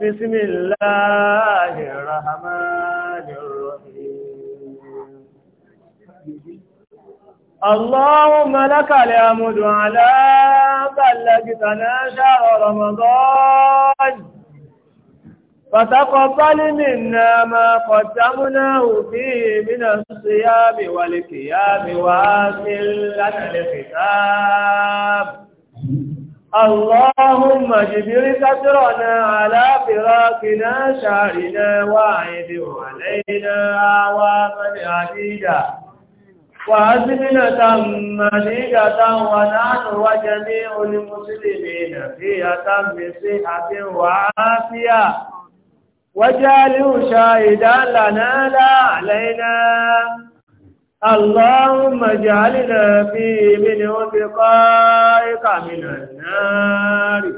بسم الله الرحمن الرحيم اللهم لك الحمد على بلغتنا شهر رمضان فتقبل منا ما قدمناه فيه من الصيام والقيام وآسل لنا الختاب اللهم جبر سترنا على فراقنا شعرنا واعد علينا عواما عديدة وأزمنة مديدة ونحن وجميع المسلمين في أتم صحة وعافية وجعله شاهدا لنا لا علينا اللهم اجعلنا في من وفقائك من النار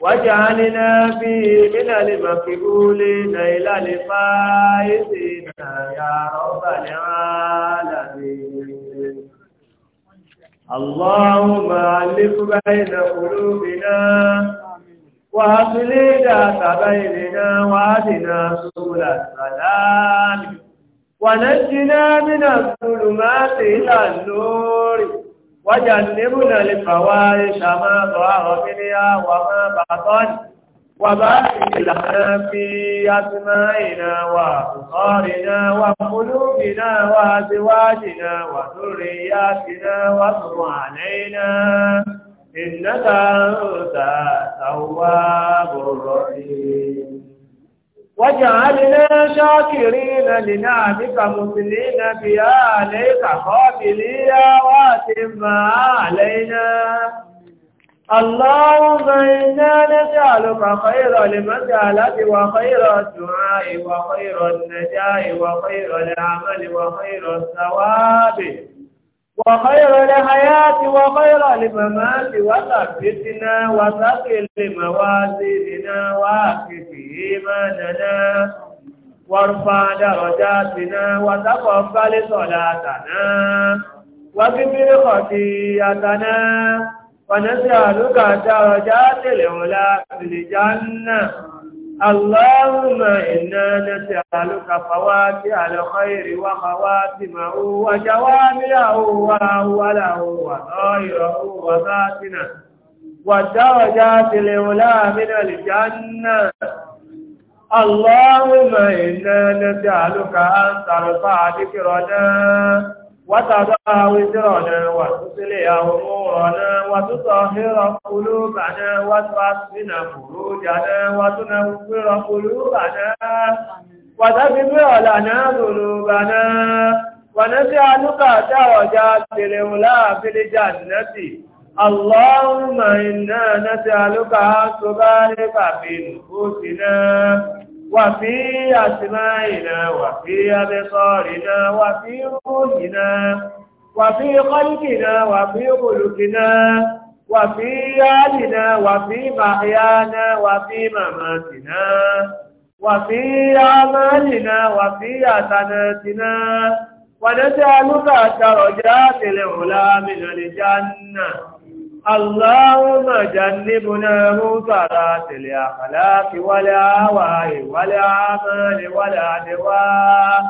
واجعلنا في من المقبولين إلى الفائزين يا رب العالمين اللهم ألف بين قلوبنا وأصل ذات بيننا وأهدنا سبل السلام ونجنا من الظلمات إلى النور وجنبنا الفواحش ما ظهر منها وما بطن وبارك لنا في أسمائنا وأبصارنا وقلوبنا وأزواجنا وذرياتنا واتم علينا إنك أنت التواب الرحيم واجعلنا شاكرين لنعمك مسلمين بها عليك قابليا واتم علينا اللهم إنا نسألك خير المسألة وخير الدعاء وخير النجاة وخير العمل وخير الثواب وخير الحياة وخير الممات وثبتنا وثقل موازيننا واكف إيماننا وارفع درجاتنا وتقبل صلاتنا وكبر خطيئتنا ونسألك درجات العلا في الجنة اللهم إنا نسألك فواتح الخير وخواتمه وجوامعه وأوله وظاهره وباطنه والدرجات الأولى من الجنة اللهم إنا نسألك أن ترفع ذكرنا وتضع وزرنا وتصلح أمورنا وتطهر قلوبنا وتحسن فروجنا وتنور قلوبنا وتغفر لنا ذنوبنا ونسألك درجات الأولى في الجنة اللهم إنا نسألك أن تبارك في نفوسنا وفي أسمائنا وفي أبصارنا وفي روحنا وفي خلقنا وفي خلقنا وفي آلنا وفي محيانا وفي مماتنا وفي أعمالنا وفي حسناتنا ونسألك درجات العلا من الجنة اللهم جنبنا منكرات الأخلاق والأهواء والأعمال والأدواء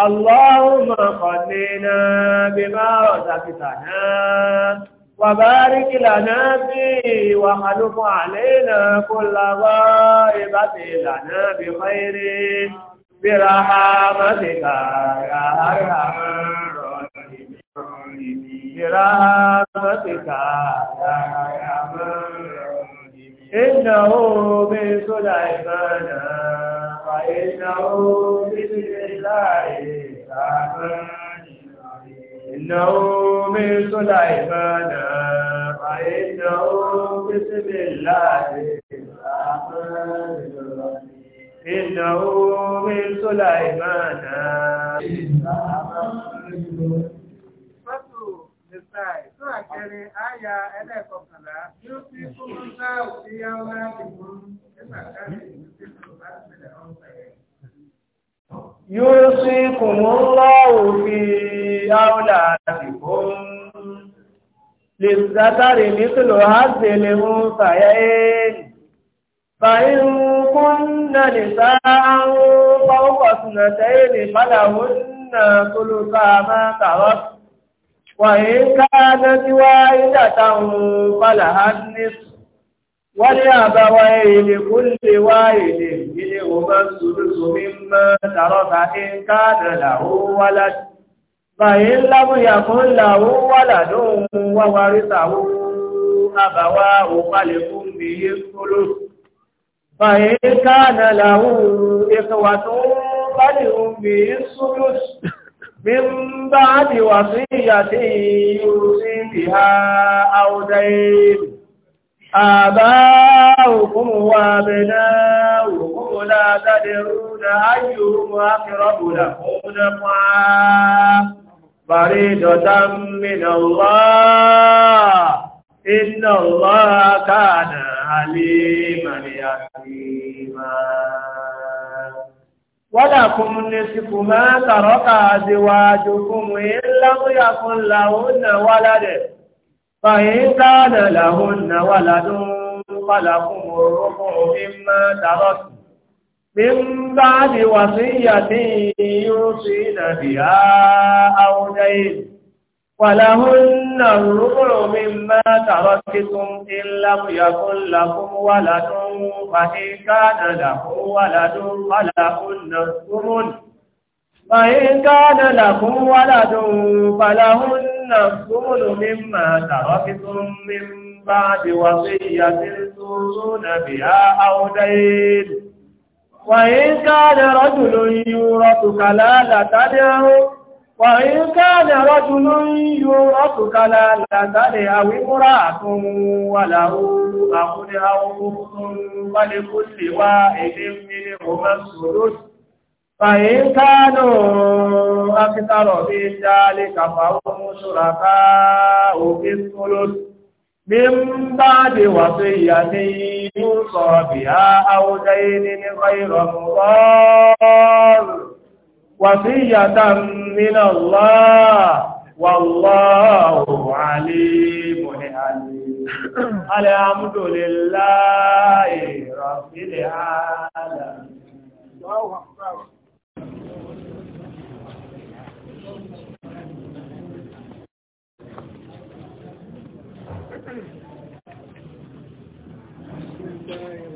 اللهم قننا بما رزقتنا وبارك لنا فيه وخلف علينا كل غائبة لنا بخير برحمتك يا أرحم برحمتك يا أرحم إنه من سليمان وإنه بسم الله الرحمن إنه من سليمان وإنه بسم الله الرحمن الرحيم إنه من سليمان Nìsáì, tó àkẹrin, àyà ẹlẹ́kọ̀ọ́kànlá, yóò fi kúrú náà sí yáwá ìgbòrú nígbà káàkiri ìgbésẹ̀ bá sílẹ̀ ọ̀pẹ̀ rẹ̀. يوصيكم الله في أولادكم للذكر مثل هذه الأنثيين فإن كن نساء وإن كانت واحدة فلها النصف ولأبوي لكل واحد منهما السدس مما ترك إن كان له ولد فإن لم يكن له ولد وورثه أبواه فلأمه الثلث فإن كان له إخوة فلأمه الثلث من بعد وصية يوصي بها أو دين آباؤكم وأبناؤكم لا تدرون أيهم أقرب لكم نفعا فريضة من الله إن الله كان عليما يقيما ولكم نصف ما ترك أزواجكم إن لم يكن لهن ولد فإن كان لهن ولد فلكم الربع مما تركتم من بعد وصية يوصين بها أو دين ولهن الربع مما تركتم إن لم يكن لكم ولد فإن كان له ولد فلهن الثمن فإن كان لكم ولد فلهن الثمن مما تركتم من بعد وصية ترجون بها أو دين وإن كان رجل يورث كلالة أو وإن كان رجل يورث كلالة أو امرأة وله أخ أو أخت فلكل واحد منهما السدس فإن كانوا أكثر من ذلك فهم شركاء في الثلث من بعد وصية يوصى بها أو دين غير مضار وصية من الله والله عليم حليم الحمد لله رب العالمين الله أكبر Thank you.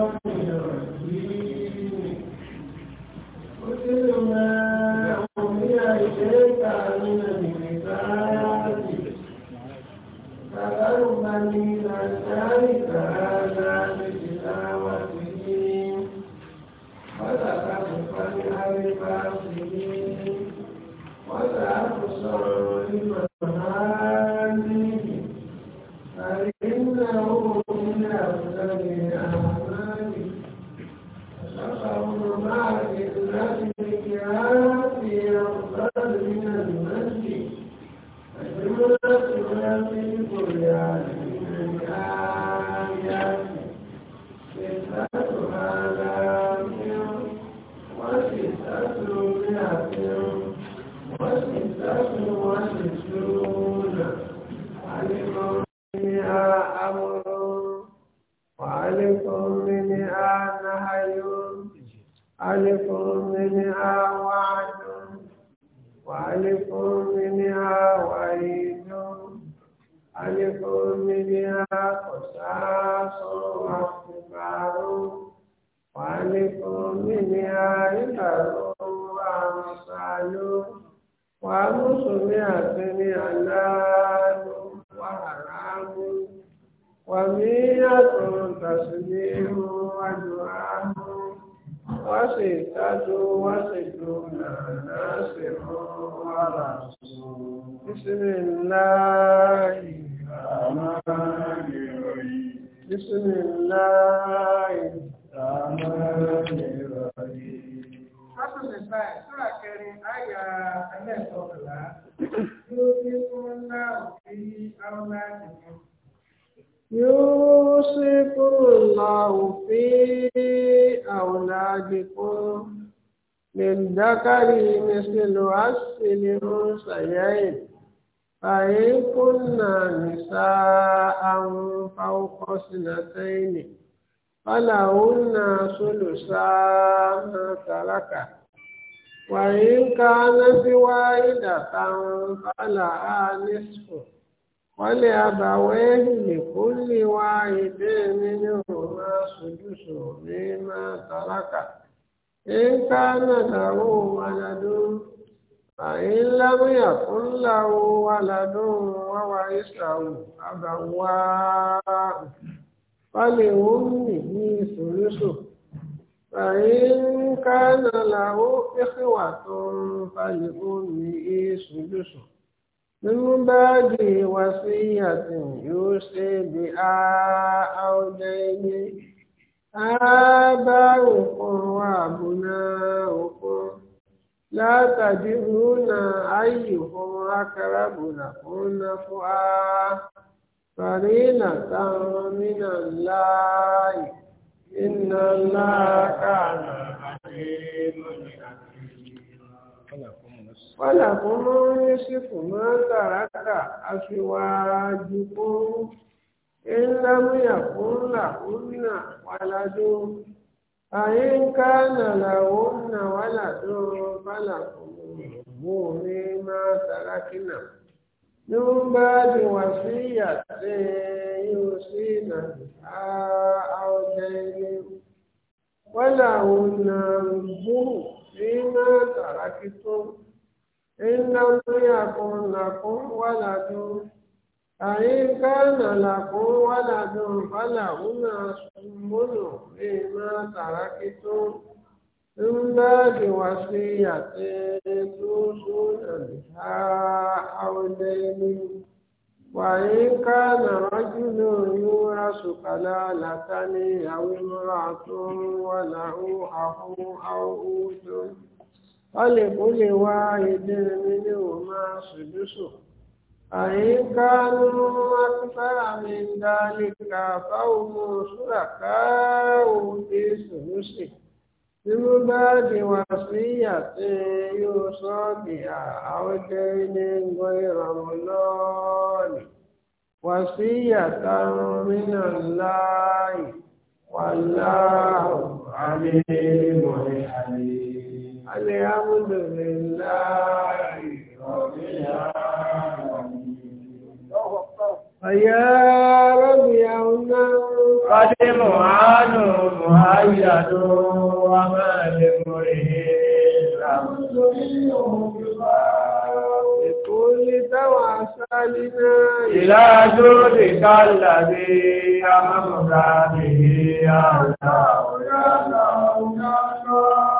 حلال وحرام ومية تسليم ودعاء وستة وستون ناصر ورسول بسم الله الرحمن الرحيم بسم الله الرحمن الرحيم. Sọ́tún lè báyìí, sọ́ra kẹrin, àyà ẹlẹ́sọ̀kọ̀lá. يوصيكم الله في أولادكم للذكر مثل أسل سيئين فإن كنا نساء فوق سنتين فلهن ثلثا ما ترك وإن كانت واحدة فلها نصف wọ́n lè àbàwẹ́ lè kó lè wá èdè nínú ọ̀nà sojúṣò ní máa tàlákà. Ẹ̀ka nàdàwó aládùn, àyè lámìyà fún láwo aládùn wáwá ìṣàwò àbàwá. Wálé wọ́n mì ní sojúṣò. Àyè ká nàdàwó ìṣèwà tó ń falẹ̀ ó mì í sojúṣò. من بعد وصية يوصي بها أو دين آباؤكم وأبناؤكم لا تدرون أيهم أقرب لكم نفعا فرينة من الله إن الله كان عليم wọ́lá fún mọ́rin sífù máa tàràkà aṣíwájú fún ńlámúyà fún làkúnnà wàládó àyè ń ká nàlàó nà wàládó bálà fún mọ́rin máa tàràkìnà ní ń bá di wà sí yàtẹ̀ yóò sí nà àọ̀jẹ̀ ilé wọ́lá òun ń bú ní máa tàràkì tó. إلا يكن لكم ولد فإن كان لكم ولد فلهما الثمن مما تركتم من بعد وصية توصون بها أو دين وإن كان رجل يورث كلالة أو امرأة وله أخ أو أخت ó lè kó lè wá èdè mi ní òun máa ṣùdúṣù àyíká ní akífẹ́ra mi ń dá níka fáwọn ọmọ ṣúràká òun ti ṣùdúṣì nínú báàdì wà sí àti yóò sọ bí àwọn jẹ́ ilé ń gbọ́ ìrànwọ́ lọ́ọ̀nì wà sí yàtà mìíràn láàyè wà láàrú àlè mọ̀ẹ́. الحمد لله رب العالمين يا رب يا قد معان مهيد وما لمرهد بكل توسلنا إلى جودك الذي أمر به يا الله يا الله يا الله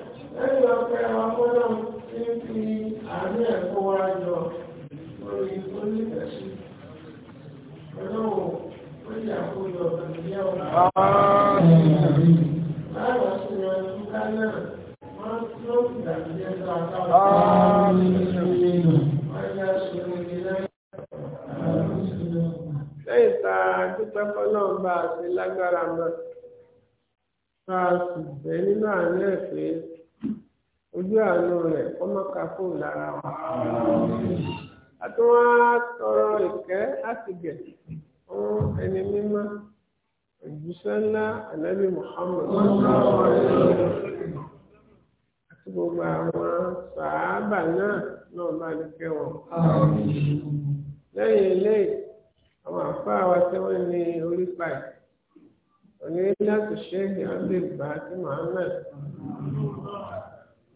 lẹ́yìn ọ̀pẹ́ wa gbọ́dọ̀ ní fi àánú ẹ̀kọ́ wa jọ lórí onífẹ̀sí ọlọ́wọ́ ó yà kó lọ ìgbẹ́ ọ̀la. láàrọ̀ sí wọn nígbà náà wọ́n ló ń dàbí ẹgbẹ́ àtàwọn ọ̀la ṣòwòye lẹ́yìn. lẹ́yìn tá a dúpẹ́ fọlọ́run bá a ṣe lágbára mọ́ tá a sì bẹ́ nínú àánú ẹ̀ pé ojú àánú rẹ̀ ọmọka fóun lára wa. a tún wá tọrọ ìkẹ́ láti gẹ̀ fún ẹni mímọ́ òjíṣẹ́ ńlá ànábì Muhammad àti gbogbo àwọn sàábà náà náà bá lè kẹ́ wọn. lẹ́yìn eléyìí àwọn àfáà wa tí wọ́n ní orí báyìí òní láti ṣe é ní abdul bá ti Muhammad.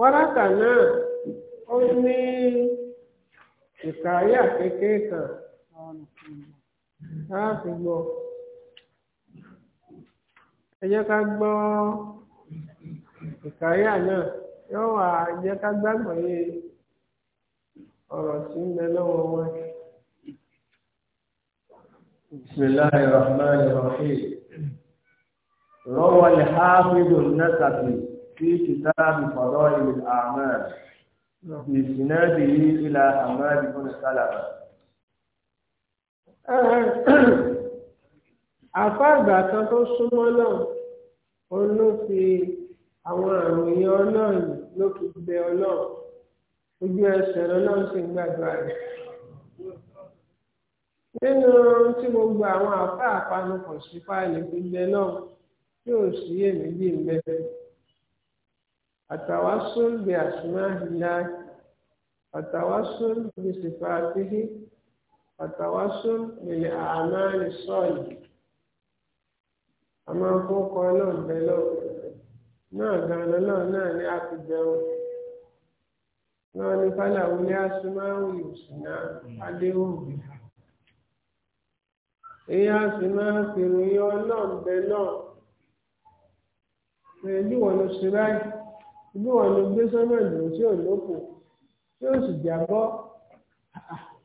wáràkà náà ó ní ìkàáyà kékeré kan láti gbọ́ ẹ jẹ́ ká gbọ́ ìkàáyà náà yóò wá jẹ́ ká gbàgbọ́ yé ọ̀rọ̀ tí ń lọ́wọ́ wọn. بسم الله الرحمن الرحيم روى الحافظ النسبي في كتاب فضائل الأعمال في سناده إلى أعمال بن سلمة. àfa àgbà kan tó súnmọ́ náà òun ló fi àwọn àròyìn ọlọ́run ló fi bẹ ọlọ́run ojú ẹsẹ̀ ọlọ́run sì ń gbàdúrà rẹ̀. nínú tí gbogbo àwọn àfa àpanupọ̀ sí fáìlì gbígbẹ náà yóò sí èmi bíi mẹ́rin. التوسل بأسماء الله التوسل بصفاته التوسل بالأعمال الصالحة àmọ́ fọ́kọ náà bẹ lọ́wọ́ náà gan-an náà náà ní àfijẹun náà ní fàlàwé ní asimáwò ìsìnà adéhùnbí èyí á sì máa fi ròyìn ọlọ́ọ̀bẹ náà pẹ̀lú ìwọ̀n ló ṣe báyìí ìlú wọn ló gbé sọ́nà ìlú tí ò lóko tí ó sì jábọ́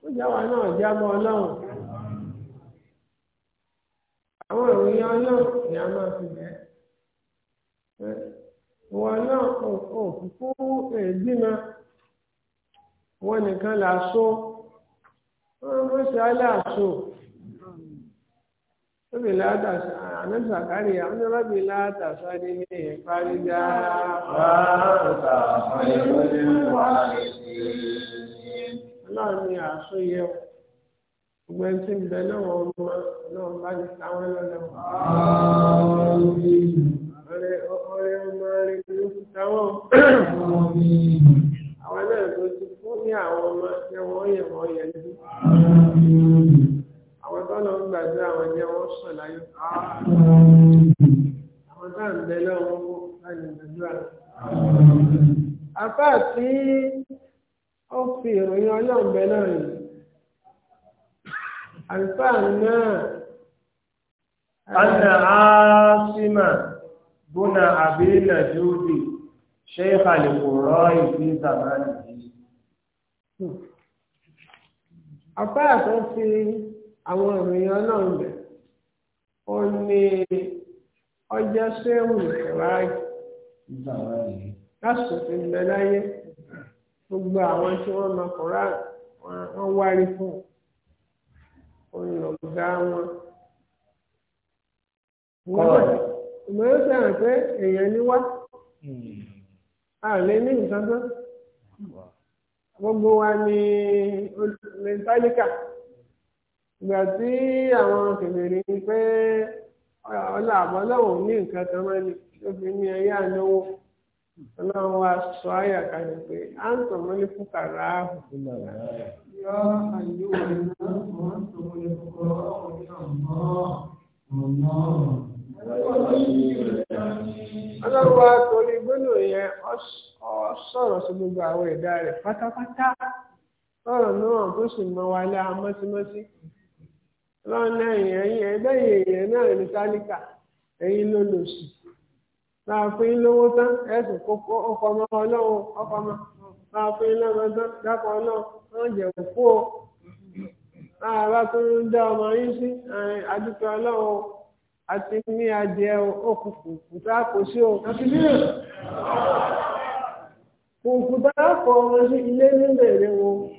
ó jáwa náà jábọ́ ọlọ́run àwọn ìròyìn ọlọ́run ni a máa fi bẹ́ẹ̀ wọn náà òkú ègbìmọ̀ wọn nìkan là so wọn mọ̀ sí aláàṣọ. Rabi lata anan sakari ya wani rabi lata sani ne farida ba ta fayyadin walisi. Ọlọ́run ni àsúnyẹ gbogbo ẹni tí ń bẹ lọ́wọ́ ọmọ náà bá ní táwọn lọ́lọ́wọ́. Ọ̀rẹ́ ọ̀rẹ́ ọmọ rẹ̀ ló fi táwọn. Àwọn náà tó ti fún ní àwọn ọmọ tí wọ́n yẹ̀ wọ́n yẹ̀ lójú gbà ní àwọn ẹni wọ́n sọ láyé àwọn tá à ń bẹ lọ́wọ́ tí ó fi ìròyìn ọlọ́ọ̀bẹ náà yìí àlùfáà náà. أن عاصم بن أبي نجود شيخ القراء في زمانه. apá àtúnfi àwọn ìròyìn ọlọ́run bẹ̀ ó ní ọjọ́ sẹ́wùn ìwádìí lásìkò ìgbẹ́ láyé gbogbo àwọn tí wọ́n mọ kọ́ra wọ́n wárí fún olùlọ́gá wọn. ìmọ̀ yóò fẹ́ràn pé èèyàn ní wá a lè ní nǹkan tán gbogbo wa ni olùlẹ̀ tálíkà. ìgbà tí àwọn kèbèrè ń pé ọlá àbọ́lọ́wọ̀ ní nǹkan kan máa ní obìnrin ẹ̀yà lówó ọlọ́run wa sọ àyà kalẹ̀ pé à ń tọ̀ mọ́lé fún kàrà áhùn. yọ àyè òun náà ọlọ́run wa torí gbóná yẹn ọ sọ̀rọ̀ sí gbogbo àwọn ẹ̀dá rẹ̀ pátápátá sọ̀rọ̀ náà tó sì mọ wa lé amọ́símọ́sí. lọ́nà ẹ̀yìn ẹ̀yìn eyi náà ní tálíkà ẹ̀yìn ló lò sí máa lówó tán ẹ̀sùn kókó ọkọ̀ ọmọ ọlọ́run ọkọ̀ ọmọ lọ́mọ tán dákọ̀ wọ́n jẹ̀ òkú o ọmọ yín sí àdúgbò àti ní adìẹ òkùnkùn kùtà kò sí o ọmọ sí ilé nílẹ̀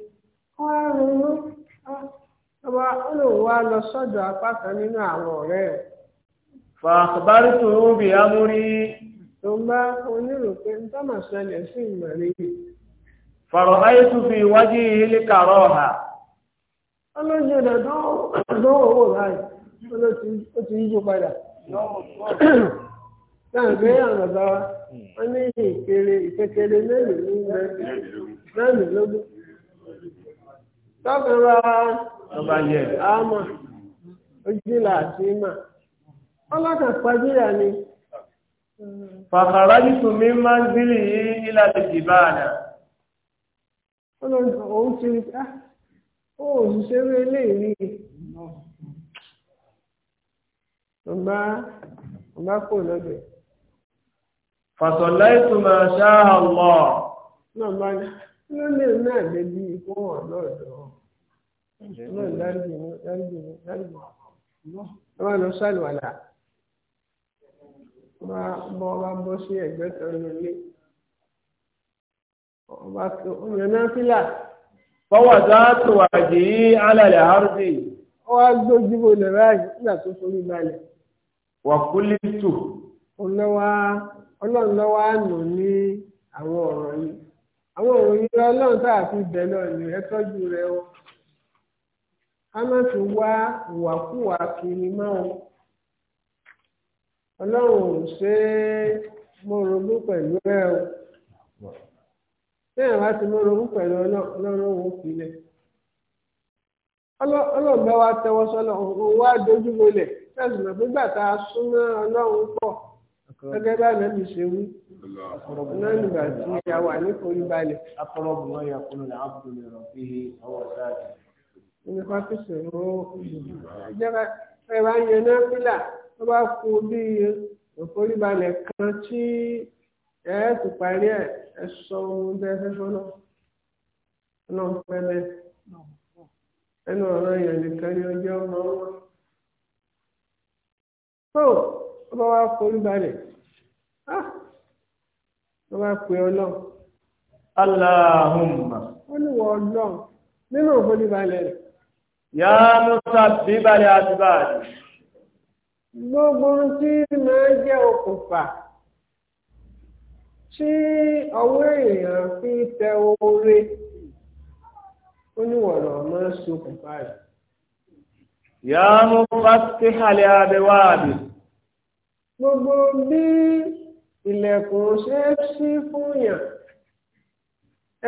wá ronú lọ sọ́jọ́ apá nínú àwọn ọ̀rẹ́ rẹ̀. fàkbárì tó ń bì á múrí. tó ń bá onírò pé ń tọ́mọ̀ ṣẹlẹ̀ sí ìmọ̀ tún fi iwájú ilé kàrọ̀ ọ̀hà. olóṣèlú rẹ̀ dán owó báyìí ó ti yíjú padà. àwọn wa, wọ́n ní ìpele tọ́fi ra àmọ̀ ojúlà àti ìmọ̀ ọlọ́kàn pàjúyà ni. fàkàrà nítorí mi máa ń dílì yìí ìlànà ìbáàdà. òun ti rí ká ó òṣìṣẹ́ rí eléyìí ọba ọba kò lọ́dọ̀. fàṣọlá ìtumọ̀ ṣáà lọ. náà bá ní ló lè ní àgbẹ̀bí ikú wọn lọ́dọ̀ náà dáríjì ní dáríjì ní dáríjì ní wọ́n lọ sálùwàlà máa bọ́ bá bọ́ sí ẹ̀gbẹ́ kan nílé ọba tó ọmọ náà fílà. fọwọ́ tó a tó wà jì í alẹ́ àrùbí. ó wá gbójú bò lè ráàyè nígbà tó forí balẹ̀. wà kúlí tù. ọlọ́run lọ́wọ́ á nù ní àwọn ọ̀rọ̀ yìí àwọn ọ̀rọ̀ yìí ọlọ́run tá a fi bẹ̀ náà ni ẹ tọ́jú rẹ o. ká má fi wá ìwàkuwà kiri mọ́ ọ ọlọ́run ò ṣe é mọ́rogún pẹ̀lú ẹ o bẹ́ẹ̀ ti mọ́rogún pẹ̀lú ọlọ́run ò filẹ̀ ọlọ́run bá wa tẹwọ́ sọ́lọ́ òun wá dojú bolẹ̀ súnmọ́ ọlọ́run pọ̀ gẹ́gẹ́ bá ṣe wí náà nígbà tí a wà yà kúrò ní ní fásitì ó ìjọba ẹ bá ń yan náfìlà tó bá kú bí òforíbalẹ̀ kan tí ẹ ti parí ẹ ẹ sọ ohun bẹ́ẹ̀ fẹ́ fọ́nà ọ̀nà pẹ́lẹ́ ẹnu ọ̀rọ̀ yẹn nìkan ni ọjọ́ ọmọ wọn. tó ó bá wá foríbalẹ̀ ó bá pè ọ náà. Allahumma. ó ní wọ́n náà nínú òforíbalẹ̀ rẹ̀ yá mọ́sá bíbálẹ̀ àtibáàdì. gbogbo tí máa jẹ́ okùnfà tí ọwọ́ èèyàn fi tẹ oore ó ní wọ̀rọ̀ máa ṣokùnfà rẹ̀. yá mọ́sá bíbálẹ̀ àbẹ̀wáàbì. gbogbo bí ilẹ̀kùn ṣe é ṣí fún yàn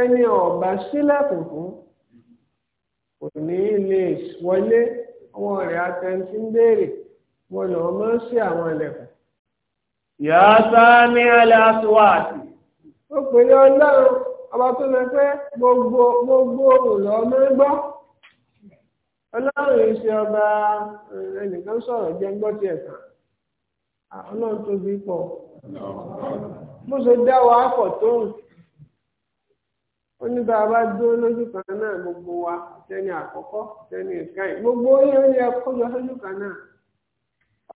ẹni ọ̀bá sílẹ̀kùn fún kò ní lè wọlé ọwọ́ rẹ̀ atẹ́ntí ń béèrè wọn lọ́ọ́ máa ń ṣe àwọn ẹlẹ́kùn. yà á sá ní alẹ́ aṣọwàtì. ó pè ní ọlọ́run ọba tó lọ pé gbogbo gbogbo òlọ́ máa ń gbọ́. ọlọ́run ìṣe ọba ẹnìkan sọ̀rọ̀ jẹ́ gbọ́ tiẹ̀ kan. ọlọ́run tóbi pọ̀. bó ṣe dá wa pọ̀ tóun. onye bá a bá dúró lójú kan náà gbogbo wa àtẹni àkọ́kọ́ àtẹni ìkẹyìn gbogbo onye onye yẹ kó lójú kan náà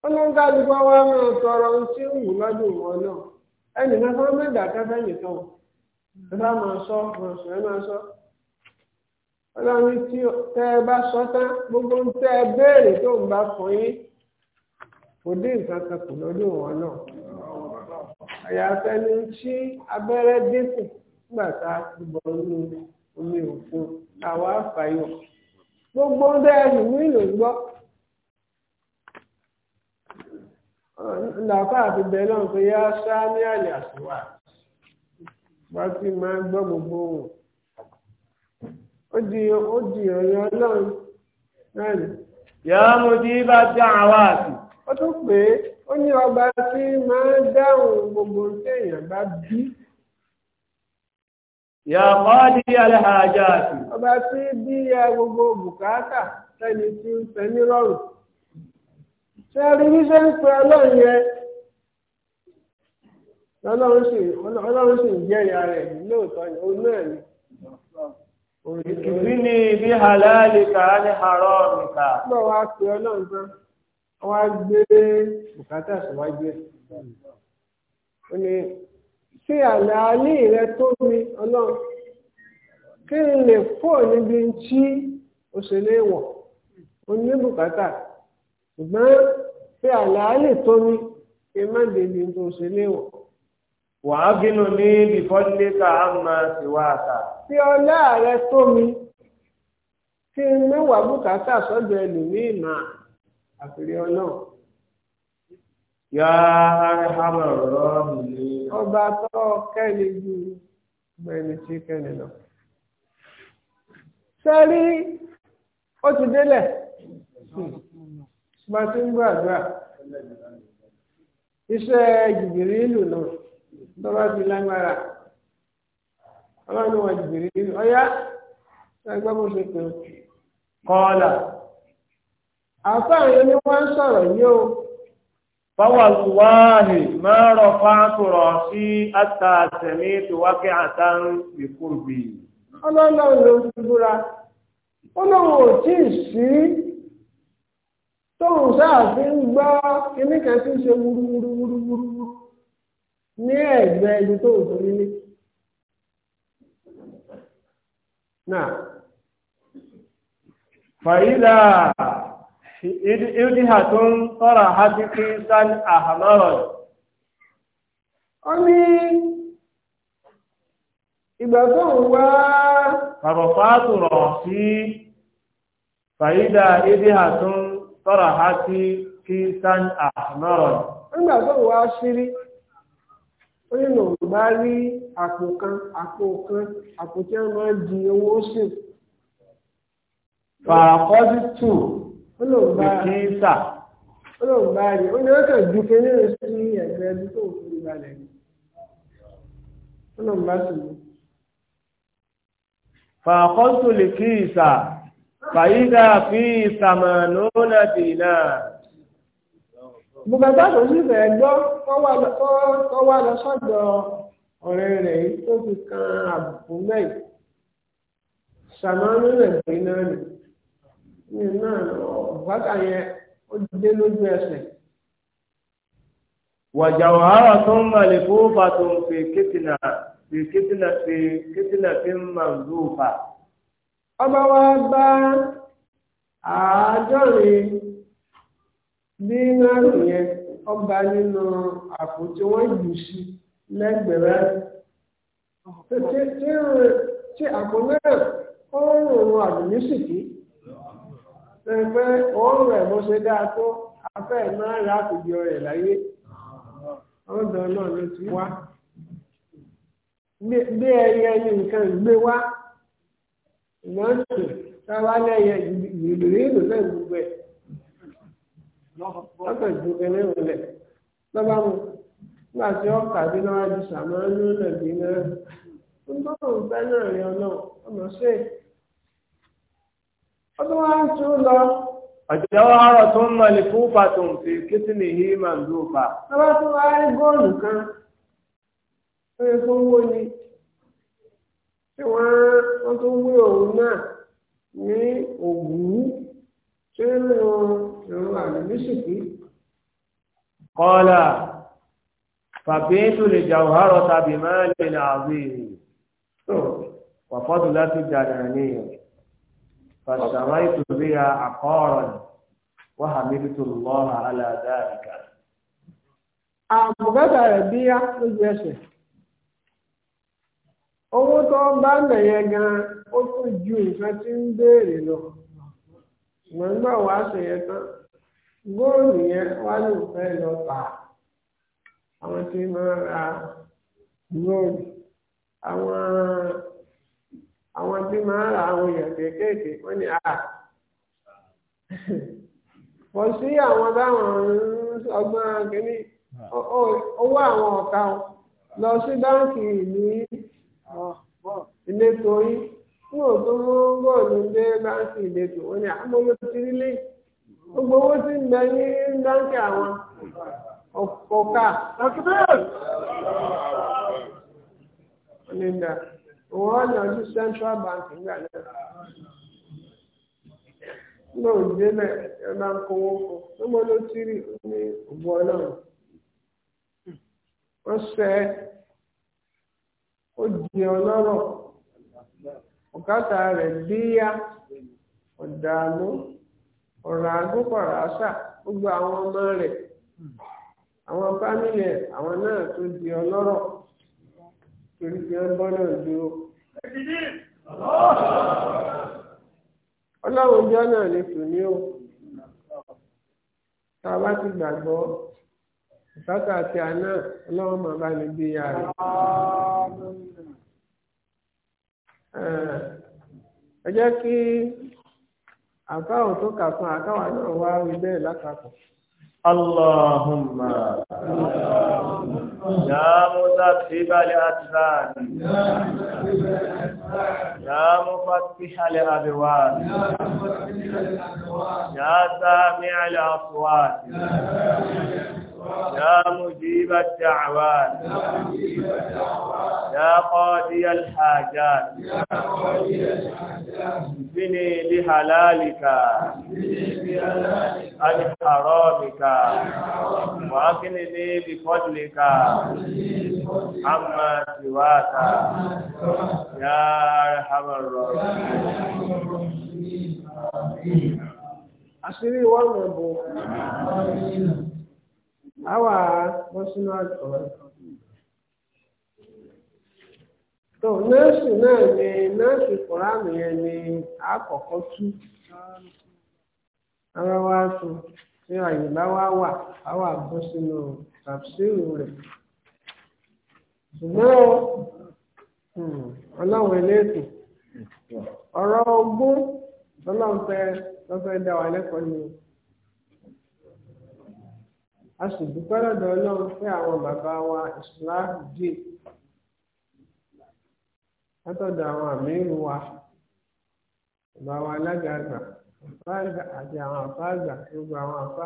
ọlọ́ńkàdúgbò wa máa tọrọ ohun tí ń wù lọ́dún wọn náà ẹnì kan fún mẹ́ta kẹfẹ́ nìkan ò máa sọ máa sọ sọ ọlọ́run tí tẹ́ ẹ bá sọ gbogbo ń tẹ́ ẹ béèrè tó ń bá fún yín kò dín nǹkan kan kù wọn náà tí nígbà tá a ti bọ̀ nínú omi òkun àwa àfàyọ gbogbo ń dẹ́rù nílò gbọ́ làáfà àti bẹ́lọ̀ pé yá sá ní àlè àsùnwà wọ́n ti máa gbọ́ gbogbo wọn ó di ó di ọ̀yọ́ ọlọ́run náà ni. yà á mo di bá dá àwa àti. ó tún pé ó ní ọba tí máa ń dáhùn gbogbo téèyàn bá bí. Ya qadi al-hajati. Ọba tí bí ya gbogbo bukata tẹni tí ń fẹ́ nírọ̀rùn. Ṣé rí ń ọlọ́run yẹn? Ọlọ́run sì sì ń ìyá ni, òun ni. Òkìkí bí halali ka ní haram ka. Bọ́ wa pe ṣe àlàálí rẹ tó mi ọ̀nà. kí n lè fò níbi tí òṣèlè wọ̀ oníbùkátà ṣùgbọ́n ṣe àlàálí tó mi ṣe má débi tó òṣèlè wọ̀. wàá bínú ní bífọ́dúlẹ́kà á máa wá àtà. ṣé ọlá rẹ tó mi kí n mẹ́wàá bùkátà sọ́dọ̀ ẹlòmíì máa àfihàn náà. yá arhamar rahimin. ọba tó kẹ́ni ju ẹni tí kẹ́ni lọ. sẹ́rí ó ti délẹ̀ bá ti ń gbàdúrà iṣẹ́ jìbìrì ìlú náà lọ́wọ́ ti lágbára ọlọ́run wà jìbìrì ìlú ọ̀yá ẹgbẹ́ bó ṣe pé kọ́ ọ̀la àfáàrin ni wọ́n ń sọ̀rọ̀ yìí o fáwàlúwáàhì mẹ́rọ fáàtùrọ̀ sí àtàtẹ̀mí tó wákẹ́ àtàn ìkúrùbì. ọlọ́lọ́run ló ti búra ọlọ́run ò tí ì sí tóun sáà fi ń gbọ́ kíní kan tí ń ṣe wúrúwúrúwúrúwúrú ní ẹ̀gbẹ́ ibi tóun tó ìdíhà tó ń tọ́ra ha ti fi san àhàmọ́rọ̀ ó ní ìgbà tó ń wá kàrọ̀fáàtù rọ̀ sí fàyídà ha ti san àhàmọ́rọ̀ nígbà tó ń wá ìkíńsà. ọlọ́run bá rí ó ní ó kàn ju kéré sí ẹ̀gbẹ́ ẹbí tó lè kí fàyídà fi ìsàmànà náà dì náà. bùkátà kò sí ìfẹ́ gbọ́ kọ́ wá lọ sọ́dọ̀ ọ̀rẹ́ rẹ̀ tó fi kan àbùkù mẹ́yìn. sàmánú rẹ̀ gbé náà ní náà bùkátà yẹn ó dé lójú ẹsẹ̀. wàjàwà ara tó ń bà lè fowó fa tó ń fi kétìnà fi kétìnà fi kétìnà fi ń mà ń lò fà. ọba wa bá àádọ́rin bí náírà yẹn ọba nínú àpò tí wọ́n jù sí lẹ́gbẹ̀rẹ́ tí àpò náà ó rùn àdùnní sì kí. lẹ́yìn pé òun rẹ̀ atụ ṣe dáa tó afẹ́ náà rà àtijọ́ rẹ̀ láyé ọ̀dọ̀ náà ló ti wá gbé ẹyẹ ní nǹkan gbé wá ìrántí táwa lẹ́yẹ ìlú náà gbogbo ẹ̀ lọ́kàn ju lọ́ba mu nígbà tí náà sàmánú náà ń òun fẹ́ náà ọdún wa ń tún lọ. ọ̀jọ̀wọ́ ọ̀rọ̀ tó ń mọ̀lẹ̀ fún fàtún fi ń dúró pa. ní òwú tí nínú ìrún àdìmísìkì. kọ́lá fàbíyẹ́tù lè jàwárọ̀ tàbí máa lè nà àwìn. wàfọ́dù láti jà nàníyàn. فاشتريت بها عقارا وحمدت الله على ذلك àbùkátà rẹ̀ bí á lójú ẹsẹ̀ owó tó bá bẹ̀ gan-an ó tún ju nǹkan tí ń béèrè lọ ṣe yẹn tán góòlù yẹn wá lọ àwọn tí máa ra àwọn èèyàn kéékèèké wọ́n ní à ah. kò sí àwọn táwọn ọgbọ́n kìíní owó àwọn ọ̀ka lọ sí báńkì ìlú ìletò yìí fún òtún mú bọ́ọ̀lù dé báńkì ìletò wọ́n ní àmọ́yọ́ ah, tìrìlẹ̀ gbogbo owó tí ń bẹ ní báńkì àwọn ọ̀ka. ọ̀kìtẹ́ ọ̀nìdà. wọ́n yanjú central bank nígbà náà ní òjé náà ẹ máa ń kówó fún nígbà ló ti rí ní òbú ọlọ́run wọ́n di rẹ̀ ọ̀rọ̀ àgùkọ̀rọ̀ àṣà gbogbo àwọn ọmọ rẹ̀ àwọn fámìlì ẹ̀ àwọn tó di ọlọ́rọ̀. torí pé ẹ bọ́ náà dúró. ọlọ́run o bá ti gbàgbọ́ ìfàkà àti àná ọlọ́run máa bá mi gbé ya rẹ̀. ẹ jẹ́ kí tó kà fún náà wá rí bẹ́ẹ̀ اللهم يا مسبب الأسباب يا مفتح الأبواب يا سامع الأصوات يا مجيب الدعوات يا قاضي الحاجات اكفني لحلالك، عن حرامك واكنني بفضلك عما سواك يا ارحم الراحمين àṣírí wọ́n mọ̀ àwa personal sínú àgbọ̀ na nọ́ọ̀sì náà ni na kùránù yẹn ni àkọ́kọ́ tú ara wa tó tí àyè bá wá wà àwa bọ́ sínú tàbísírù rẹ̀ ṣùgbọ́n hmm, ọlọ́run eléètò ọ̀rọ̀ ogún fẹ́ dá wa lẹ́kọ̀ọ́ ni. a sì dúpẹ́ lọ́dọ̀ ọlọ́run pé àwọn bàbá wa ìsìláàmù dì látọ̀dọ̀ àwọn àmírù wa bàbá wa alága àgbà àti àwọn àfáàgbà gbogbo àwọn àfá.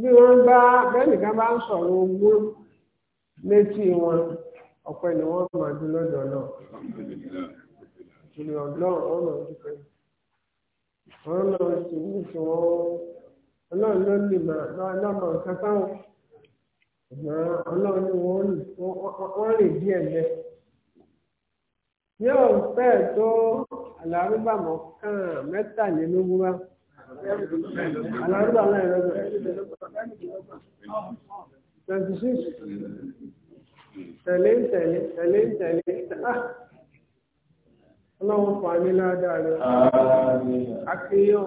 bí wọ́n bá bẹ́ẹ̀nìkan bá ń sọ̀rọ̀ owó létí wọn ọpẹ́ ni wọ́n máa dún lọ́dọ̀ náà ìrìn ọ̀dọ́ sì ọlọ́run ló lè máa lọ́mọ nǹkan táwọn ṣùgbọ́n ọlọ́run ni wọ́n rè díẹ̀ lẹ́ yóò fẹ́ tó alárúbàmọ́ kàn mẹ́tàlélógún wá alárúbàmọ́ ẹ̀rọ twenty six tẹ̀lé tẹ̀lé tẹ̀lé tẹ̀lé ah ọlọ́run fàánilá dáadáa akíyàn.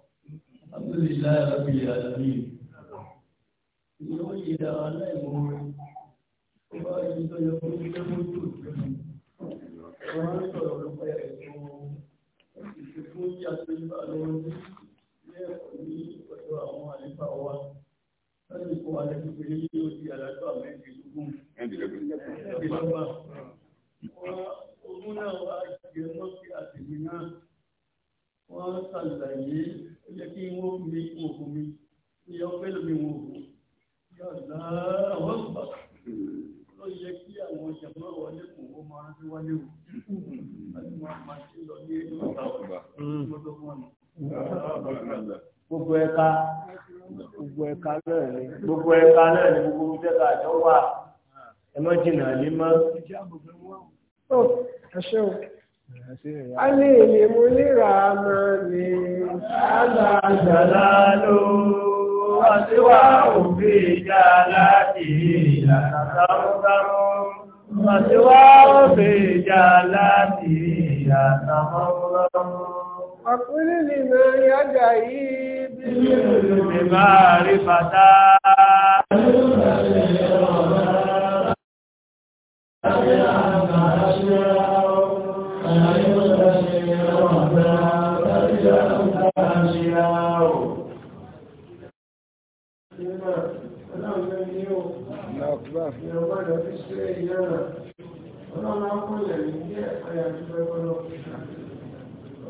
الحمد لله رب العالمين yóò ṣe dára láìmọ́ ọba ẹni tó yẹ kó jẹ́ mọ́tò wọn á sọ̀rọ̀ nípa ẹ̀sùn ìṣẹ́fún yíyá tó yípa lọ́wọ́ ní ilé ẹ̀kọ́ ní ọ̀dọ̀ àwọn àlefa wa láti kó alẹ́ kékeré yóò di àlájọ àmẹ́rìndínlógún ìjọba wọn ogún náà wá jẹ mọ́tì àtìmí náà wọ́n ṣàlàyé ẹ̀ka náà ni gbogbo ẹ̀ka náà ni gbogbo ìjọba àjọ wà ẹ mọ́ jìnnà lé mọ́. ẹ ṣe o. a lè lè mú lérà máa ní àgbà àjàlá wá sí ìjà láti ìlànà sáwọ́sáwọ́ wá sí wá òfin ìjà láti ìlànà sáwọ́sáwọ́. Àkúrí ni mẹ́ yájà yìí bí i bá rí bàtà. Yorùbá lọ fi ọlọ́run á kúrò ní ẹ̀kọ́ ìyàjú pẹ́kọ́ lọ́pùsà.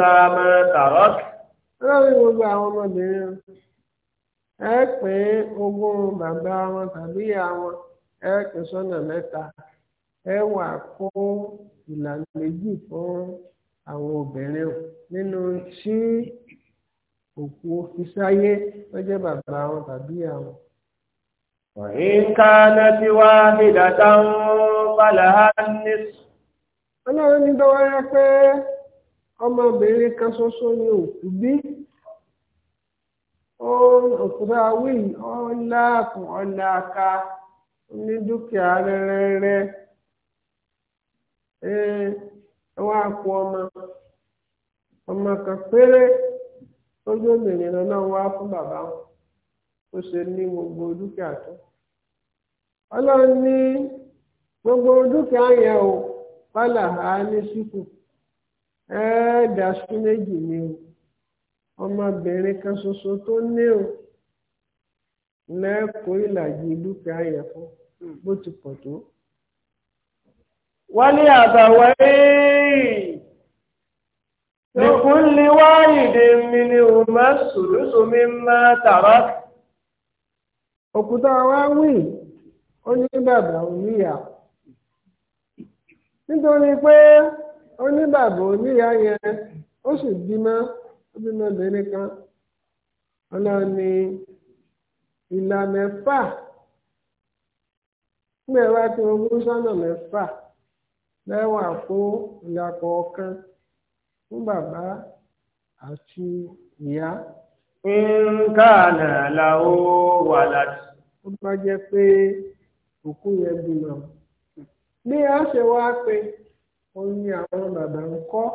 ọ̀sà máa tààrọ́. lórí gbogbo àwọn ọmọbìnrin ẹ pé ogún bàbá wọn tàbí ìyá wọn ẹ pè sọ́nà mẹ́ta ẹ wà kó ìlànà méjì fún àwọn obìnrin nínú tí òkú òfisáyé lọ́jọ́ bàbá wọn tàbí ìyá وإن كانت واحدة فلها النصف. Ọlọ́run ní dọ́wọ́ Ọma kan ṣoṣo ni òkú bí òkúta wíì ọ̀làkùn ọ̀làkà ní dúkìá rẹ́rẹ́rẹ́ wọ́n á kú ọmọ ọmọ kan péré lójú obìnrin náà wá fún bàbá wọn ó ṣe ní gbogbo dúkìá tó ọlọ́run ní gbogbo dúkìá yẹn o fàlàhà ní síkù. ẹ̀ẹ́dàsú méjì ni o ọmọbìnrin kan ṣoṣo tó ní o lẹ́ẹ̀kọ́ ìlàjì dúkìá yẹn fún bó ti pọ̀ tó. wálé àbàwọ̀ Nìkúnlé wáyìdè mi ni ò máa sòlóso mi máa tàrá. Òkúta wa wí, ó ní bàbá òníyà. Nítorí pé ó ní bàbá oníyá yẹn ó sì bímọ ó bímọ obìnrin kan ọlọ́run ní ìlà mẹ́fà nígbà wá tí ogún sọ́nà mẹ́fà lẹ́wàá fún ìlà kọ̀ọ̀kan fún bàbá àti ìyá. nǹkan àlàó wà láti. ó bá jẹ́ pé òkú yẹn bímọ. bí a ṣe wá pé ó ní àwọn bàbá ń kọ́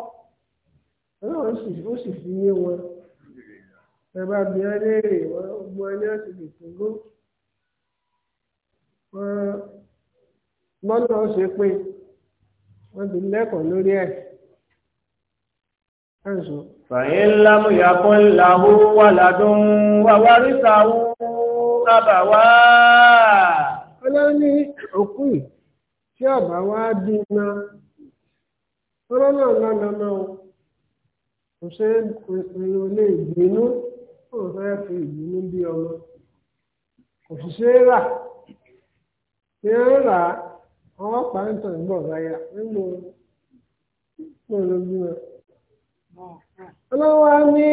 ọlọ́run ó sì fi yé wọn bàbá bí wọn léèrè wọn gbọ́ ẹni ọ̀sì lè wọn bọ́lá ṣe pé wọ́n ti lẹ́kọ̀ọ́ lórí ẹ̀ ẹ̀sùn. fàyín lámú yàkọ́ làwú wà ládùn wàwárí sàwú kábàwá. ọlọ́run ní òkú yìí tí ọ̀bà wa bí náà ọlọ́nà lánàá o kò ṣe èèyàn lè gbénú kò fẹ́ fi ìgbínú bí ọmọ kò sì ṣe é rà ṣe é rà àwọn pàǹtọ̀ ìgbọ̀ báyà nínú ìpolówó rẹ̀. ọlọ́wọ́ ní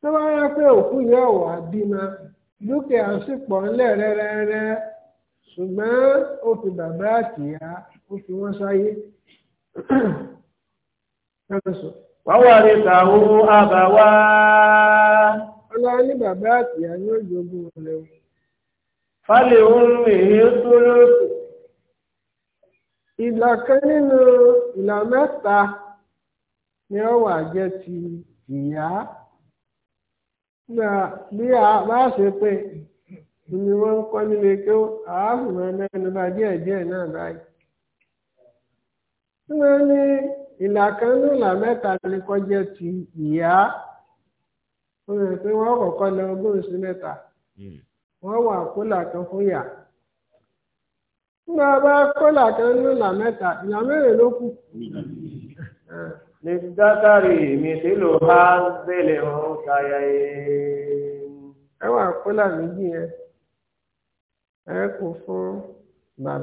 tó bá yẹ pé òkú yóò wà bímọ dúkìá sì pọ̀ ńlẹ̀ ṣùgbọ́n ó fi bàbá àtìyá ó fi wọ́n sáyé. wàwárí tàwọ àbáwá. ọlá ní bàbá àtìyá ní òjòògùn rẹ o. fálẹ̀ ohun èyí tó lóòtù. ìlà kan nínú ìlà mẹ́ta ni ó wà jẹ́ ti ìyá. bí a bá ṣe pé ni wọ́n ń kọ́ nílé kí ó àásùnmọ́ mẹ́nu bá díẹ̀ díẹ̀ náà báyìí. wọ́n ní ìlà kan ní mẹta mẹ́ta ti ìyá wọ́n rẹ̀ na wọ́n kọ́kọ́ lọ ogún sí mẹ́ta hmm. wọ́n wà kólà kan fún yà nígbà bá kólà kan ní ìlà mẹ́ta ìlà mẹ́rin ló kù. Hmm.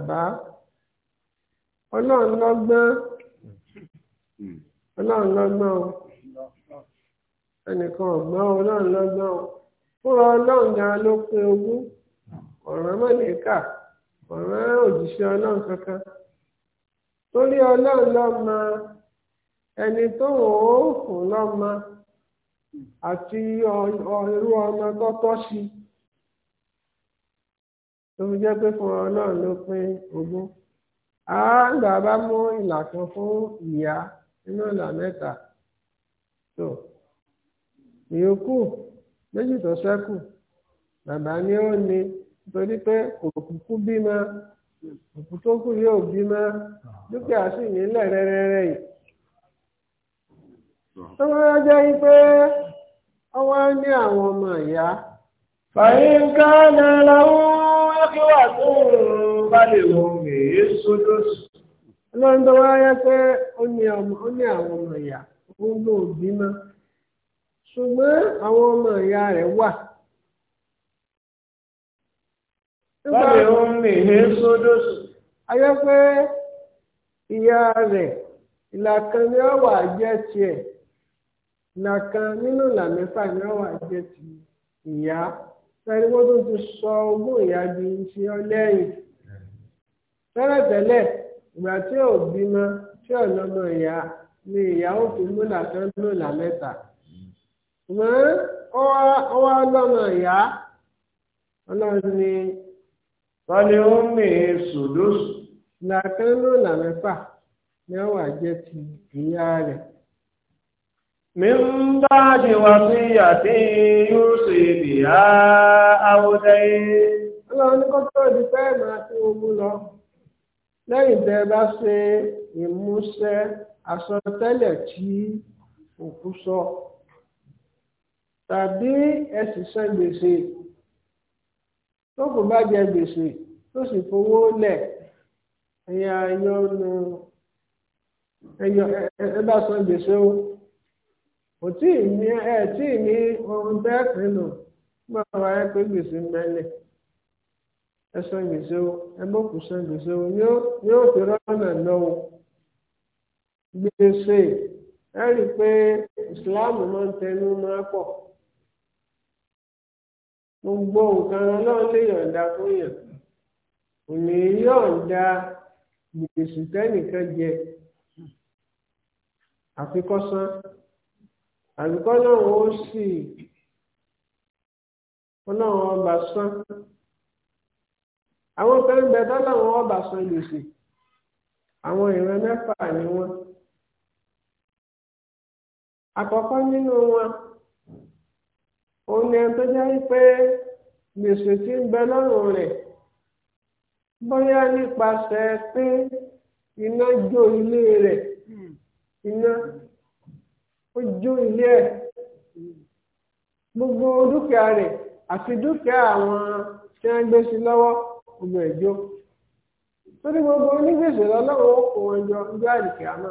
bá ọlọ́run lọ́gbọ́n hmm. ọlọ́run lọ́gbọ́n o ẹnìkan ọ̀gbọ́n ọlọ́run lọ́gbọ́n o fúnra ọlọ́run ló pé ogún ọ̀ràn mọ́lẹ́kà ọ̀ràn òjíṣẹ́ ọlọ́run kankan torí ọlọ́run lọ́mọ ẹni tó wọ́n ó fún lọ́mọ àti irú ọmọ tọ́tọ́ sí tó fi jẹ́ pé fúnra a ga mú ìlà kan fún ìyá nínú ìlà mẹ́ta tó ìyókù méjì tó baba ni ó ní nítorí pé òkùnkùn bímọ òkú tó kù yóò bímọ dúkìá sì nílẹ̀ rẹrẹrẹ yìí. tó ní àwọn ọmọ ìyá. fàyínká wá kí wà tó bá lè lọ mèé sódò sùn. ọlọ́run ọmọ ìyá òun ló bímọ ṣùgbọ́n ọmọ ìyá rẹ̀ wà. báyìí ó ń mèé sódò sùn. rẹ̀ ìlàkan ni ó wà jẹ́ tiẹ̀ ìlàkan nínú ìlàmẹ́fà ni ó wà jẹ́ ti sọ ogún ìyá di iṣẹ́ lẹ́yìn. tẹ́lẹ̀tẹ́lẹ̀ ìgbà tí ò bímọ tí ò lọ́mọ ìyá ni ìyàwó fi múlà kan lòlà mẹ́ta ṣùgbọ́n ó wá lọ́mọ ìyá ọlọ́run ni ó mè é ni ó wà jẹ́ ti ìyá rẹ̀. Ọlọ́run ní kọ́kọ́ ìdí fẹ́ẹ̀ máa fi ogun lọ. lẹ́yìn tẹ́ ẹ bá ṣe ìmúṣẹ àsọtẹ́lẹ̀ tí òkú sọ tàbí ẹ sì san gbèsè tó kò bá jẹ gbèsè tó sì fowó lẹ̀ ẹ̀yà yọnu ẹ̀yọ ẹ bá san gbèsè o kò tí ì ní ẹ tí ì ní ohun tẹ́ pinnu gbọ́dọ̀ wáyé pé gbèsè ń bẹ́lẹ̀ ẹ san gbèsè o ẹ mọ̀kù san gbèsè o yóò fi rọ́nà lọ o gbèsè ẹ rí i pé ìsìláàmù máa ń tẹnu máa pọ̀ gbogbo nǹkan ọlọ́run lè yọ̀ǹda fún yàn òní yọ̀ǹda gbèsè tẹ́nìkan jẹ àfikọ́sán àfikọ́ náà sì ọlọ́run ọba sán. àwọn kan bẹ dọ́là wọn ọba san àwọn ìran mẹ́fà ni wọ́n àkọ́kọ́ nínú wọn òun ni ẹni pé tí ń bẹ lọ́rùn rẹ̀ bóyá nípasẹ̀ pé iná jó ilé rẹ̀ iná ó jó ilé ẹ̀ gbogbo dúkìá rẹ̀ àti dúkìá àwọn tí wọ́n gbé ọmọ ẹjọ torí gbogbo onígbèsè lọ́lọ́wọ́ kò wọn jọ ń jọ àdìkì àná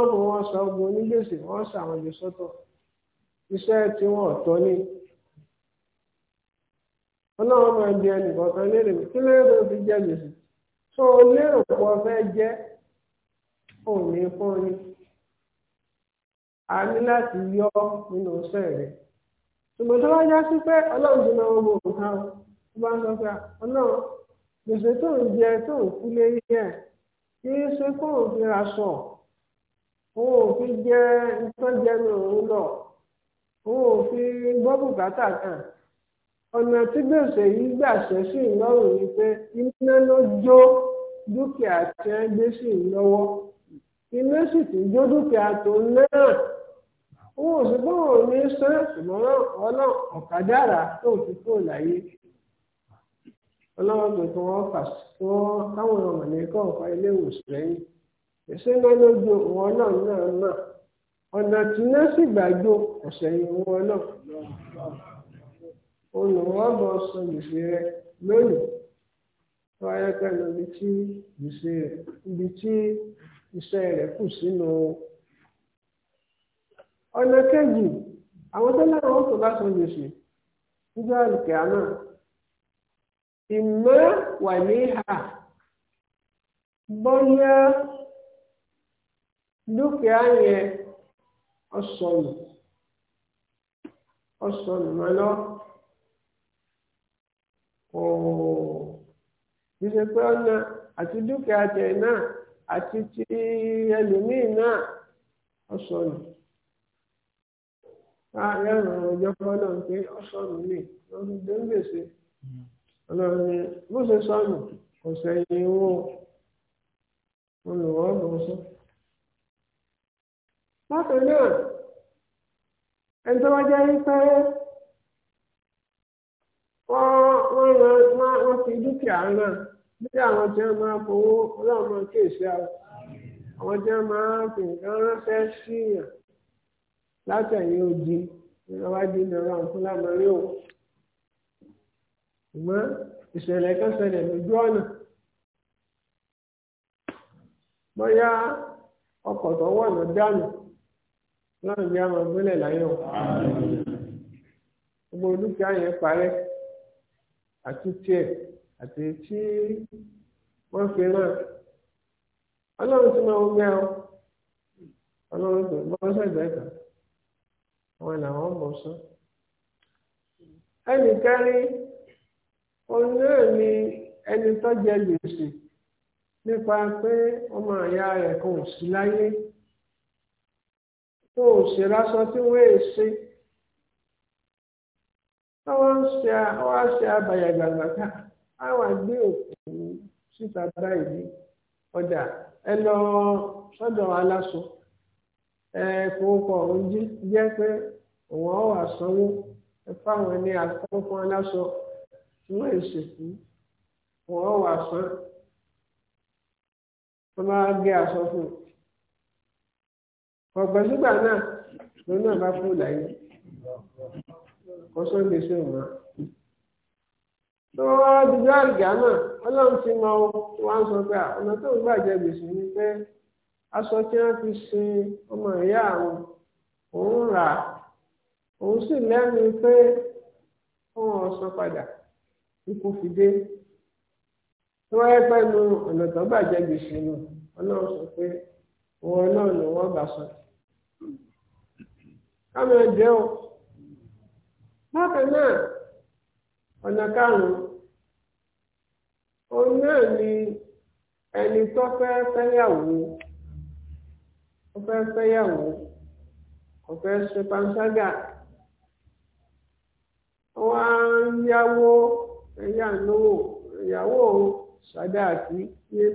ọlọ́wọ́ wọn sọ gbogbo onígbèsè wọn sọ àwọn jù sọ́tọ̀ iṣẹ́ tí wọ́n ọ̀tọ̀ ní ọlọ́wọ́ máa ẹnìkan kan lérè mi kí fi jẹ gbèsè tó o lérò pọ̀ fẹ́ jẹ́ fún a ní láti yọ nínú rẹ̀ ṣùgbọ́n tó bá já sí pé ọlọ́run ti máa ń nǹkan bá ń sọ pé ọ̀nà gbèsè tó ń jẹ tó ń kú lérí ẹ̀ kí í ṣe kó òun fi ra sọ òun ò fi jẹ nǹkan jẹnu òun lọ òun ò fi gbọ́ bùkátà kan ọ̀nà tí gbèsè yìí gbà ṣẹ́ sí ìlọ́rùn ni pé iná ló jó dúkìá tí wọ́n gbé sí ìlọ́wọ́ iná sì ti jó dúkìá tó náà òun ò sì bọ́ òun ní sán ṣùgbọ́n ọlọ́ọ̀kadàrà tó fi kó láyé. ọlọ́wọ́ pé kí wọ́n fà kí wọ́n káwọn ọ̀mọ̀lẹ́ kọ̀ọ̀kan ilé ìwòsàn lẹ́yìn ẹ̀sẹ̀ náà wọn náà náà náà ọ̀nà tí náà sì gbàgbó ọ̀sẹ̀ náà olùwọ́bọ̀ sọ gbèsè rẹ lónìí tó ayé pẹ̀lú ibi tí gbèsè rẹ ibi tí iṣẹ́ rẹ kù sínú ọ̀nà àwọn tó láwọn tó bá sọ gbèsè nígbà ime wà ní hà bóyá dúkìá yẹn ọ̀sọ̀nù ọ̀sọ̀nù mọ́lọ́ jíṣe pé ọ̀nà àti dúkìá tẹ̀ náà àti ti ẹlòmíì náà ọ̀sọ̀nù láàárín àwọn ọjọ́ fọ́lọ́ pé ọ̀sọ̀nù ọlọ́run bó ṣe sọnù kò sẹ́yìn wọn olùwọ́ ló sọ. bákan náà ẹni tó bá jẹ́ pé wọ́n fi dúkìá náà bí àwọn tí wọ́n máa fowó ọlọ́run máa kíyèsí àwọn àwọn tí wọ́n máa fi nǹkan ránṣẹ́ síyàn látẹ̀yìn odi ìrọ̀wájú ìrọ̀rùn fúnlá mọ́rí òun. ṣùgbọ́n ìṣẹ̀lẹ̀ kan ṣẹlẹ̀ lójú ọ̀nà ya ọkọ̀ tó wọ̀ lọ dànù láàrin bí a máa gbélẹ̀ láyọ̀ yẹn parẹ́ àti tiẹ̀ àti tí wọ́n fi náà ọlọ́run tí máa ń gbẹ́ ọ ọlọ́run tó sọ ẹnì kẹrin. onu náà ni ẹni tó jẹ gbèsè nípa pé ọmọ àyà rẹ̀ kan ò sí láyé tó ò wee si tí wọ́n èè ṣe wọ́n á ṣe abàyàgbàgbàgbà á wà gbé òkú síta báyìí ọjà ẹ lọ sọ́dọ̀ aláṣọ ẹ fowópọ̀ òun jẹ́ pé òun ọ̀ sanwó ẹ tí wọ́n yìí sìnkú wọ́n wà sọ ọ máa gé aṣọ fún náà ló náà bá fún ìlàyé gbèsè tó dúdú náà ọlọ́run ti mọ sọ pé ọ̀nà tó ń gbàjẹ́ gbèsè ni pé aṣọ tí wọ́n fi ọmọ ìyá àwọn ikú fi dé tí wọ́n yẹ pẹ́ nu ọ̀nà tó bàjẹ́ gbèsè nù ọlọ́run sọ pé wọn náà ni wọ́n gbà sọ. káwọn ẹ̀jẹ̀ o bákan náà ọ̀nà karùn-ún òun náà ni ẹni tó fẹ́ fẹ́yàwó fẹ́ fẹ́yàwó kò fẹ́ ṣe panṣágà wọ́n á eya lówó ìyàwó òun sàdáàkì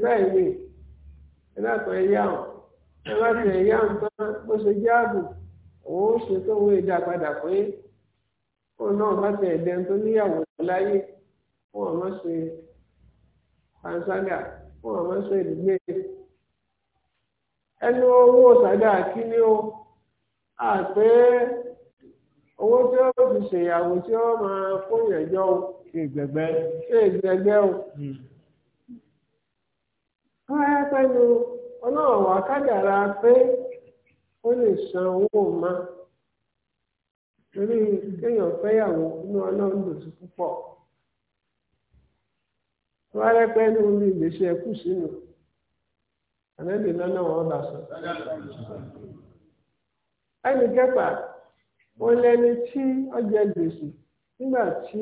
báyìí ni ẹ̀dàkọ̀ ẹ̀yà ọ̀ ẹ bó ṣe jẹ́ ààbò òun ó ṣe tó wọ́n ìdá padà pé òun náà bá ẹ̀dẹ́ tó níyàwó láyé fún ọmọ ṣe fún ọmọ ṣe ìdílé ẹnu owó ni ó owó tí ó fi ṣe ezi ṣe o. káyà hmm. pẹ̀lú ọlọ́run wà kádàrá pé ó lè san owó ma torí kéèyàn fẹ́yàwó inú ọlọ́run lò sí púpọ̀. wọ́n rẹ́ pẹ́lú ní ìgbésí sínú àlẹ́lẹ́ lọ́nà wọn bá sọ. ẹnì gbèsè. nígbà tí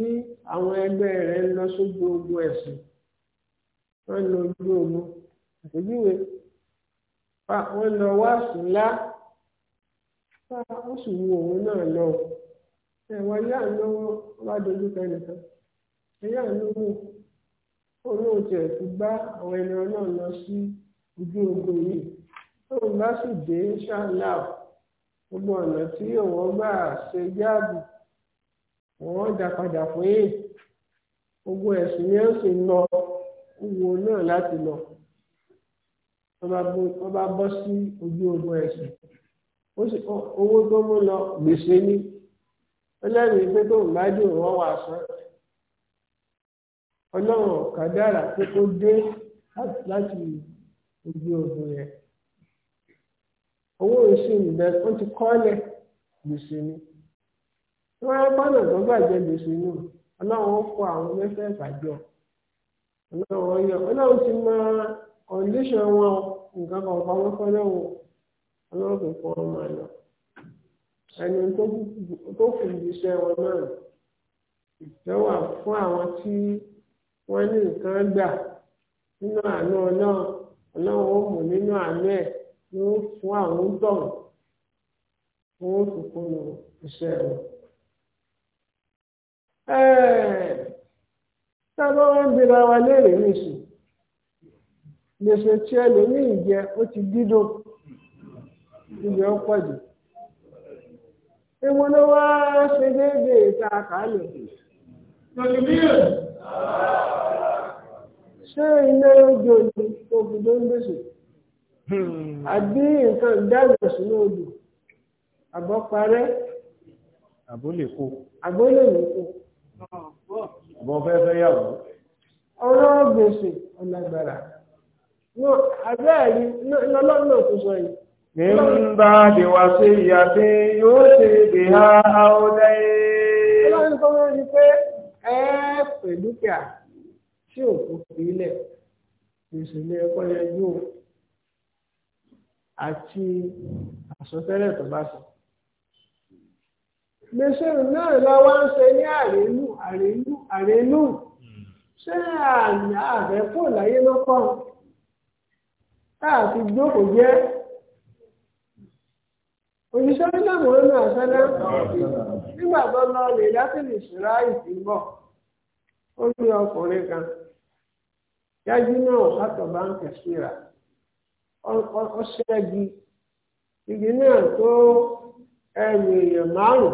àwọn ẹgbẹ́ rẹ̀ ń lọ sójú ogun ẹ̀sìn wọ́n lọ ojú ogun àpèjúwe wọ́n lọ wáàsí ńlá wọ́n sì wu òun náà lọ ẹ̀wọ̀n ilé àlọ́wọ́ wá dojú kẹnìkan ilé àlọ́wọ́ olóhùn tiẹ̀ ti gbá àwọn ẹni ọlọ́run lọ sí ojú ogun yìí tóun bá sì dé ṣáláà gbogbo ọ̀nà tí òun gbà ṣe jáàbù wọ́n dá padà fún yìí gbogbo ẹ̀sùn ni ó sì lọ wúwo náà láti lọ wọ́n bá bọ́ sí ojú ogun ẹ̀sìn owó tó mú lọ gbèsè ní ọlẹ́rìí pé tó ń bá dùn wà sán ọlọ́run kàdára pé kó dé láti ojú ogun yẹn owó ìsìn ìbẹ̀rẹ̀ ó ti kọ́lẹ̀ gbèsè ni. wọ́n bọ́nà tó gbàgbé gbèsè náà ọlọ́run kó àwọn jọ ti mọ wọn nǹkan kan pa wọn kò ọmọ ẹni tó kù náà fún àwọn tí wọ́n ní nǹkan nínú àánú ọlọ́run ọlọ́run ó nínú àánú ẹ̀ fún àwọn Ee, a bá ń bira wa léèrè nìṣù gbèsè tí ẹlòmíì jẹ ó ti dídò ibi ó pọ̀ jù ló wá ṣe déédéé ìta àkàlẹ̀. ṣé ilé ojú ojú òbúdó ń gbèsè hmm. àbí nǹkan ìdáàbò sínú mo fẹ́ fẹ́ yàwó. ọ̀rọ̀ gbèsè ọ̀làgbàrà àbẹ́ẹ̀rí lọ́lọ́nà tó sọ yìí. Min bá di wá sí ìyá tí yóò ti di ha àwọlẹ́. Ọlọ́run tó wọ́n ní pé ẹ pẹ̀lú kíá tí òkú fi ilẹ̀ gbèsè ní ẹ̀kọ́ yẹn yóò àti àsọtẹ́lẹ̀ tó bá sọ. mẹsàn náà lọ́wọ́ ń ṣe ní àrínú àrínú àrínú ṣé àná àbẹ́fò láyé lọ́kọ́ káàfi jẹ́ òṣìṣẹ́ nígbàgbọ́ nínú àṣálẹ́ nígbà tó lọ lè látìlì ṣúra ó ní ọkùnrin kan yájú náà ọṣẹ́gi náà tó ẹrù èèyàn márùn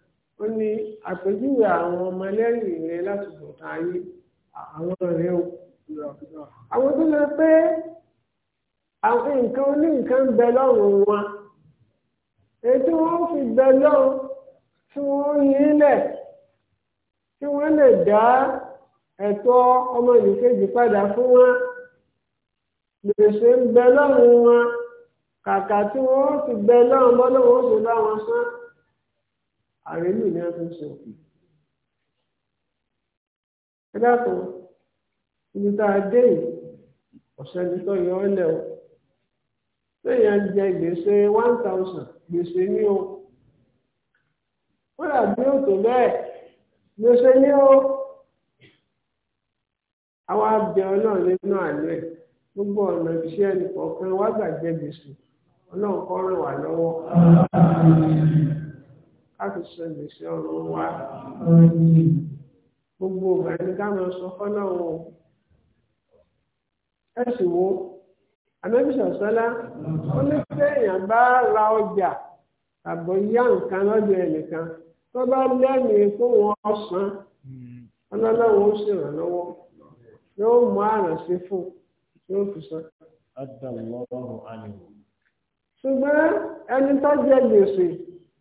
ó ní àpèjúwe àwọn ọmọ ẹlẹ́yìn rẹ láti bọ̀tà ayé àwọn rẹ o àwọn tó lè pé àwọn nǹkan oní nǹkan bẹ lọ́rùn wọn èyí tí wọ́n fi bẹ lọ́rùn tí wọ́n yín lẹ̀ tí wọ́n lè dá ẹ̀tọ́ ọmọ ìkejì padà fún wọn gbèsè ń bẹ lọ́rùn wọn kàkà tí wọ́n fi bẹ lọ́rùn bọ́lọ́wọ́ ó sì bá ààrẹ ìlú ìlera tó ń ṣe òfin. ẹ dákun ibi tá a dé yìí ọ̀sẹ̀ ní tó yọ ọ́ lẹ̀ o lẹ́yìn ajẹ́ gbèsè one thousand gbèsè ní o kódà bí ó tó bẹ́ẹ̀ gbèsè ní o àwọn abẹ ọlọ́run nínú àlẹ́ gbogbo ọ̀nà iṣẹ́ ẹnì kọ̀ọ̀kan wá gbàgbé gbèsè ọlọ́run kọ́ ràn wá lọ́wọ́ láti sọ ìgbésẹ̀ ọ̀rọ̀ wa gbogbo ìgbà ni ká máa sọ fọ́lọ́wọ́ ẹ sì wo ànábì sọ̀sọ́lá ó ní sẹ́yìn bá ra ọjà àbọ̀ yá nǹkan lọ́dọ̀ ẹnìkan tó bá lẹ́mìí kó wọ́n san ọlọ́lọ́wọ́ ó sì ràn lọ́wọ́ yóò mú àrànṣe fún yóò fi ṣùgbọ́n ẹni tó jẹ gbèsè.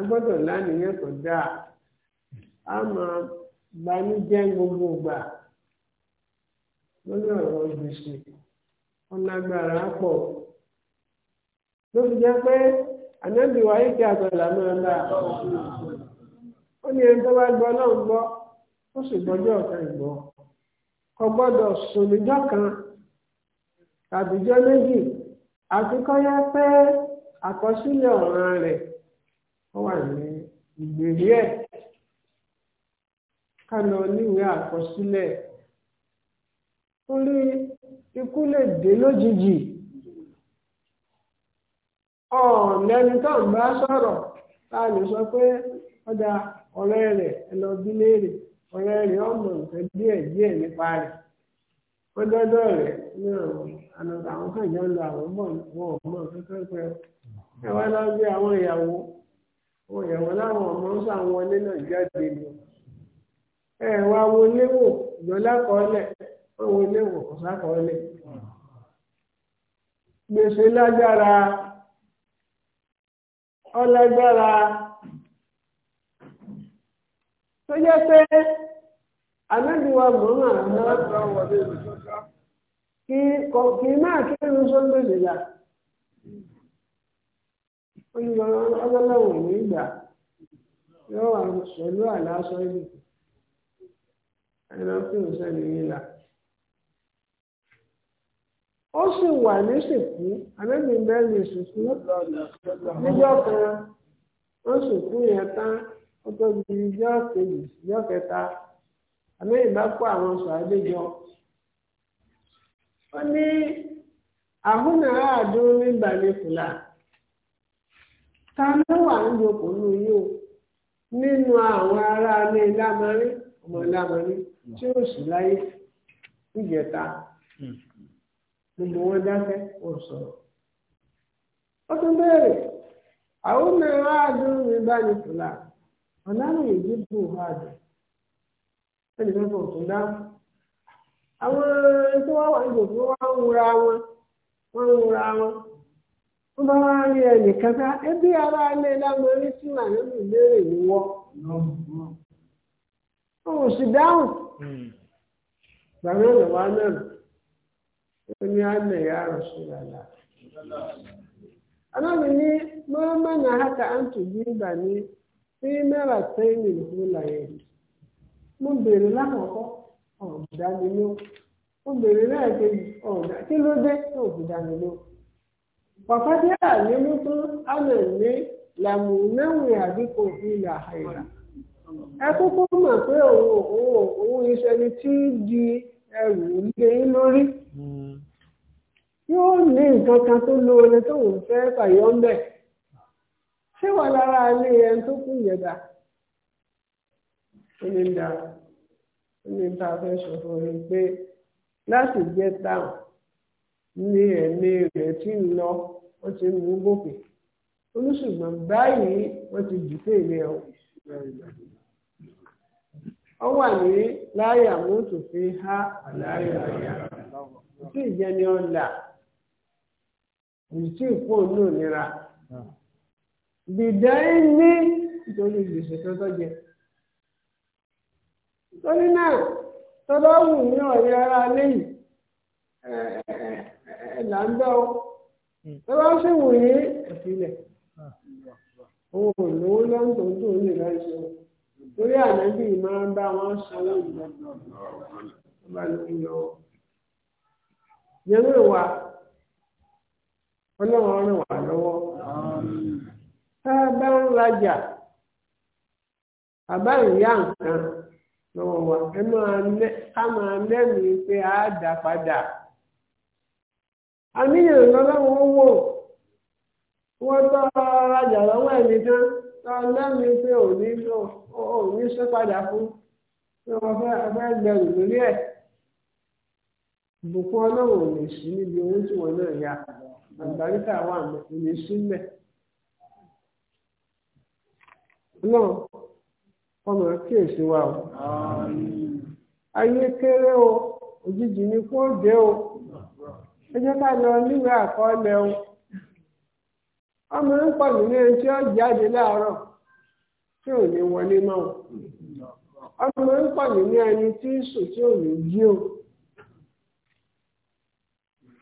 agbọ́dọ̀ lánìyàn tó dáa a máa banújẹ́ gbogbo ìgbà lórí ọ̀rọ̀ gbèsè ọ̀nàgbàrà pọ̀ ló fi jẹ́ pé ànábì wáyé kí àgbàlá máa bá a ó ní ẹni tó bá gbọ́ náà gbọ́ ó sì gbọ́jọ́ ìgbọ́ kò gbọ́dọ̀ Ọ wà ní ìgbèrí ẹ̀ ká lọ níwèé àkọsílẹ̀ torí ikú lè dé lójijì ọ̀ọ́nẹ́ni tó ń bá sọ̀rọ̀ tá a lè sọ pé ọ ọ̀rẹ́ rẹ̀ ẹ lọ bí ọ̀rẹ́ rẹ̀ ọmọ nǹkan díẹ̀ díẹ̀ nípa rẹ̀ rẹ̀ ní àwọn kan jọ ń lo àwọn ẹ wá lọ bí àwọn ìyàwó òyà wọn láwọn ọmọ ń sọ àwọn ilé náà jáde lọ ẹ wá wọlé wò ìgbọ́lákọọ́lẹ̀ wọ́n wọlé wò kọ́sákọọ́lẹ̀ gbèsè lágbára ọlágbára tó jẹ́ pé anábìwá mọ́mọ́ àná kí náà kí irun sóńgbèsè yàtọ̀. ọlọ́lọ́wọ̀ ní ìgbà yóò wà pẹ̀lú àlásọ yìí ẹ̀rọ kí n sẹ́ni yín la. ó sì wà ní sìnkú àbẹ́bí bẹ́ẹ̀ni sìnkú níjọ́ kan ó sìnkú yẹn tán ó tó di kejì kẹta bá kó àwọn ó ní àhúnà ta ló wà nínú ọkùnrin yìí o nínú àwọn ará lámarí ọmọ lámarí tí ó sì láyé níjẹta hmm. gbogbo wọn dákẹ́ ọsọ. Otu ó tún bẹ̀rẹ̀ àwọn mẹ́rin àádùn mi bá ní fúlà ọ̀nàmì ìdìbò tún àwọn tó ó bá wá rí ẹnìkan ká ẹbí ara ilé lámọ rí tí màá nínú ìbéèrè ìwọ òun sì dáhùn onye ìjọba náà ó ní àná ìyá nye sọ̀rọ̀ àlá. Aláàbò ní máa má ní sí mẹ́rà sẹ́yìn ìlú làyẹ̀. Mo bèrè lákọ̀ọ́kọ́ ọ̀dà mi ló. Mo Wàfájẹ́ àlémú tó ánà ní làmùnáwìn àdínkù ìlà àìlà. Ẹ kúkú mọ̀ pé òun òun iṣẹ́ ni tí di ẹrù lé lórí. Yóò ní nǹkan kan tó lóore tóun fẹ́ fàyọ́ ń bẹ̀. Ṣé wà lára ilé tó kù Ó ní dà ó ní ní ẹ̀mí rẹ̀ tí ń lọ wọ́n ti ń mú gòkè olùsùgbọ́n báyìí ti jù pé ìlẹ̀ ọ wà ní láyà mọ́tò fi há àláyà tí ìjẹni ọ̀là. ìtì ìfóònù òníra dìdá ń ní nítorí gbèsè tó tọ́jẹ torí náà ní ara lẹ́yìn là ń bẹ́ ọ hmm. ẹ bá ṣe wòye ẹ̀fílẹ̀ òun ah. ò lówó lọ́ńtò tó ń lè láì ṣe torí ànábì máa ń bá wọn sanwó ìlú ọba ló ń yọ yẹnu ìwà ọlọ́run ràn wá lọ́wọ́ tá a bá ń rajà àbá ìyá nǹkan lọ́wọ́ wa ẹ máa ká máa lẹ́mìí pé a dá padà. àníyàn lọ́lọ́run ó wò wọ́n tọ́ rajà lọ́wọ́ ẹ̀mí tán tọ lẹ́mìí pé òní òní sọ padà fún pé wọ́n fẹ́ fẹ́ gbẹrù lórí ẹ̀ ìbùkún ọlọ́run ò lè sí níbi owó tí wọ́n náà yá àgbáríkà wà mọ́ ò lè sí náà wa o ayé kéré o òjijì ni kó ẹ jẹ́ ká lọ níwèé àkọọ́lẹ̀ ọmọ ń pọ̀ nínú láàárọ̀ tí ò ní wọlé ọmọ ń pọ̀ nínú ẹni tí sùn tí ò ní jí o.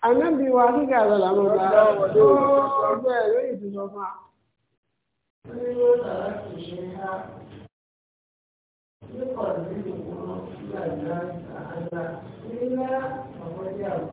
Ànábì wa kíkà lọ làwọn ọba ọgbẹ́ ẹ̀rọ ìdúró fún wa.